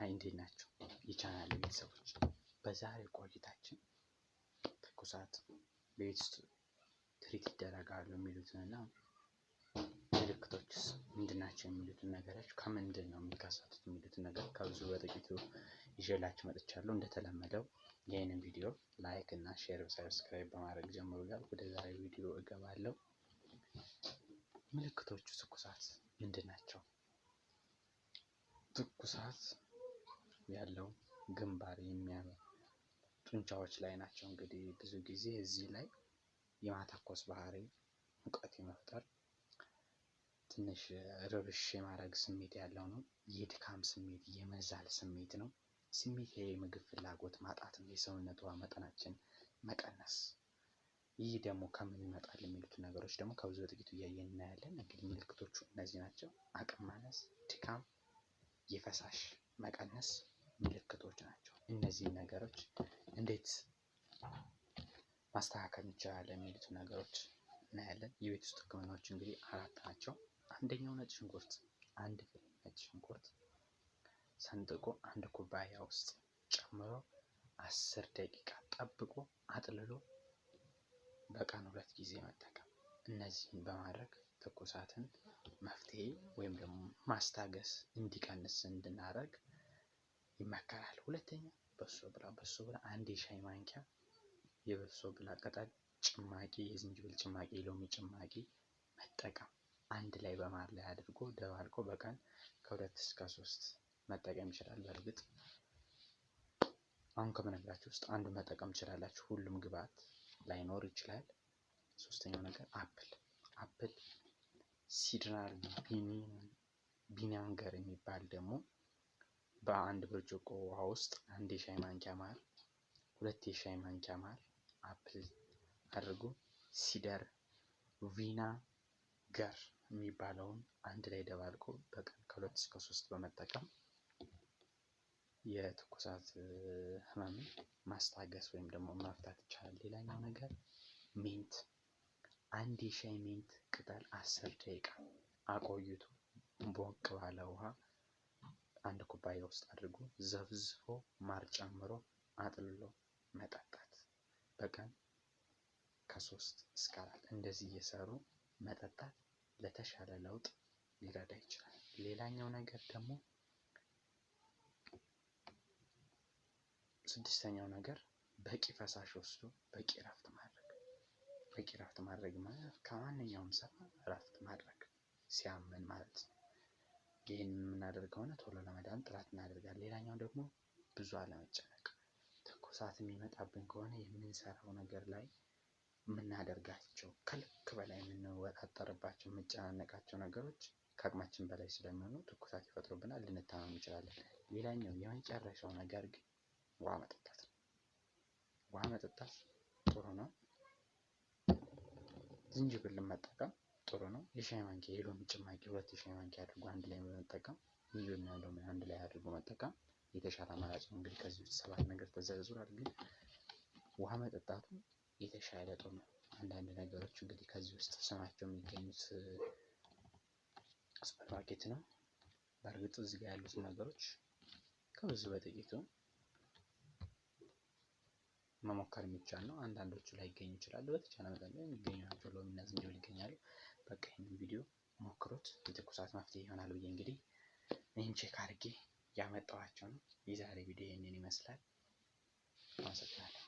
ሀይ እንዴት ናቸው የቻናል ቤተሰቦች? በዛሬ ቆይታችን ትኩሳት ቤት ውስጥ ትሪት ይደረጋሉ የሚሉትን እና ምልክቶችስ ምንድናቸው የሚሉትን ነገሮች ከምንድን ነው የሚከሰቱት የሚሉትን ነገር ከብዙ በጥቂቱ ይዤላችሁ መጥቻለሁ። እንደተለመደው ይህንን ቪዲዮ ላይክ እና ሼር፣ ሰብስክራይብ በማድረግ ጀምሩ። ጋር ወደ ዛሬ ቪዲዮ እገባለሁ። ምልክቶቹ ትኩሳት ምንድን ናቸው? ትኩሳት ያለው ግንባር የሚያምር ጡንቻዎች ላይ ናቸው። እንግዲህ ብዙ ጊዜ እዚህ ላይ የማተኮስ ባህሪ፣ ሙቀት የመፍጠር ትንሽ ርብሽ የማድረግ ስሜት ያለው ነው። የድካም ስሜት፣ የመዛል ስሜት ነው። ስሜት የምግብ ፍላጎት ማጣት፣ የሰውነት ውሃ መጠናችን መቀነስ። ይህ ደግሞ ከምን ይመጣል የሚሉት ነገሮች ደግሞ ከብዙ በጥቂቱ እያየን እናያለን። እንግዲህ ምልክቶቹ እነዚህ ናቸው። አቅም ማነስ፣ ድካም፣ የፈሳሽ መቀነስ ምልክቶች ናቸው። እነዚህን ነገሮች እንዴት ማስተካከል እንችላለን የሚሉት ነገሮች እናያለን። የቤት ውስጥ ህክምናዎች እንግዲህ አራት ናቸው። አንደኛው ነጭ ሽንኩርት፣ አንድ ፍሬ ነጭ ሽንኩርት ሰንጥቆ አንድ ኩባያ ውስጥ ጨምሮ አስር ደቂቃ ጠብቆ አጥልሎ በቀን ሁለት ጊዜ መጠቀም። እነዚህን በማድረግ ትኩሳትን መፍትሄ ወይም ደግሞ ማስታገስ እንዲቀንስ እንድናደርግ ይመከራል። ሁለተኛ በሶ ብላ በሶ ብላ አንድ የሻይ ማንኪያ የበሶ ብላ ቅጠል ጭማቂ፣ የዝንጅብል ጭማቂ፣ የሎሚ ጭማቂ መጠቀም አንድ ላይ በማር ላይ አድርጎ ደባልቆ በቀን ከሁለት እስከ ሶስት መጠቀም ይችላል። በእርግጥ አሁን ከምነግራችሁ ውስጥ አንዱ መጠቀም ይችላላችሁ። ሁሉም ግብዓት ላይኖር ይችላል። ሶስተኛው ነገር አፕል አፕል ሲድራል ቢኒያንገር የሚባል ደግሞ በአንድ ብርጭቆ ውሃ ውስጥ አንድ የሻይ ማንኪያ ማር፣ ሁለት የሻይ ማንኪያ ማር አፕል አድርጎ ሲደር ቪና ገር የሚባለውን አንድ ላይ ደባልቆ በቀን ከሁለት እስከ ሶስት በመጠቀም የትኩሳት ህመምን ማስታገስ ወይም ደግሞ መፍታት ይቻላል። ሌላኛው ነገር ሜንት፣ አንድ የሻይ ሜንት ቅጠል አስር ደቂቃ አቆይቶ ቦቅ ባለ ውሃ አንድ ኩባያ ውስጥ አድርጎ ዘፍዝፎ ማር ጨምሮ አጥልሎ መጠጣት። በቀን ከሶስት እስከ አራት እንደዚህ እየሰሩ መጠጣት ለተሻለ ለውጥ ሊረዳ ይችላል። ሌላኛው ነገር ደግሞ ስድስተኛው ነገር በቂ ፈሳሽ ወስዶ በቂ እረፍት ማድረግ። በቂ እረፍት ማድረግ ማለት ከማንኛውም ስራ እረፍት ማድረግ ሲያመን ማለት ነው። ይህን የምናደርግ ከሆነ ቶሎ ለመዳን ጥረት እናደርጋለን። ሌላኛው ደግሞ ብዙ አለመጨነቅ፣ ትኩሳት የሚመጣብን ከሆነ የምንሰራው ነገር ላይ የምናደርጋቸው ከልክ በላይ የምንወጣጠርባቸው የምንጨናነቃቸው ነገሮች ከአቅማችን በላይ ስለሚሆኑ ትኩሳት ይፈጥሩብናል፣ ልንታመም እንችላለን። ሌላኛው የመጨረሻው ነገር ግን ውሃ መጠጣት ነው። ውሃ መጠጣት ጥሩ ነው። ዝንጅብልን መጠቀም ጥሩ ነው። የሻይ ማንኪያ የሎሚ ጭማቂ ሁለት የሻይ ማንኪያ አድርጎ አንድ ላይ በመጠቀም እና ሎሚ አንድ ላይ አድርጎ መጠቀም የተሻለ አማራጭ ነው። እንግዲህ ከዚህ ውስጥ ሰባት ነገር ተዘርዝሯል፣ ግን ውሃ መጠጣቱ የተሻለ ጥሩ ነው። አንዳንድ ነገሮች እንግዲህ ከዚህ ውስጥ ስማቸው የሚገኙት ሱፐር ማርኬት ነው። በእርግጥ እዚህ ጋር ያሉት ነገሮች ከብዙ በጥቂቱ መሞከር የሚቻል ነው። አንዳንዶቹ ላይ ይገኙ ይችላሉ። በተቻለ መጠን ግን የሚገኙ ናቸው። ሎሚና ዝንጅብል ይገኛሉ። በቃ ይህንን ቪዲዮ ሞክሩት። የትኩሳት መፍትሄ ይሆናል ብዬ እንግዲህ ይህን ቼክ አድርጌ ያመጣኋቸው ነው። የዛሬ ቪዲዮ ይህንን ይመስላል። አመሰግናለሁ።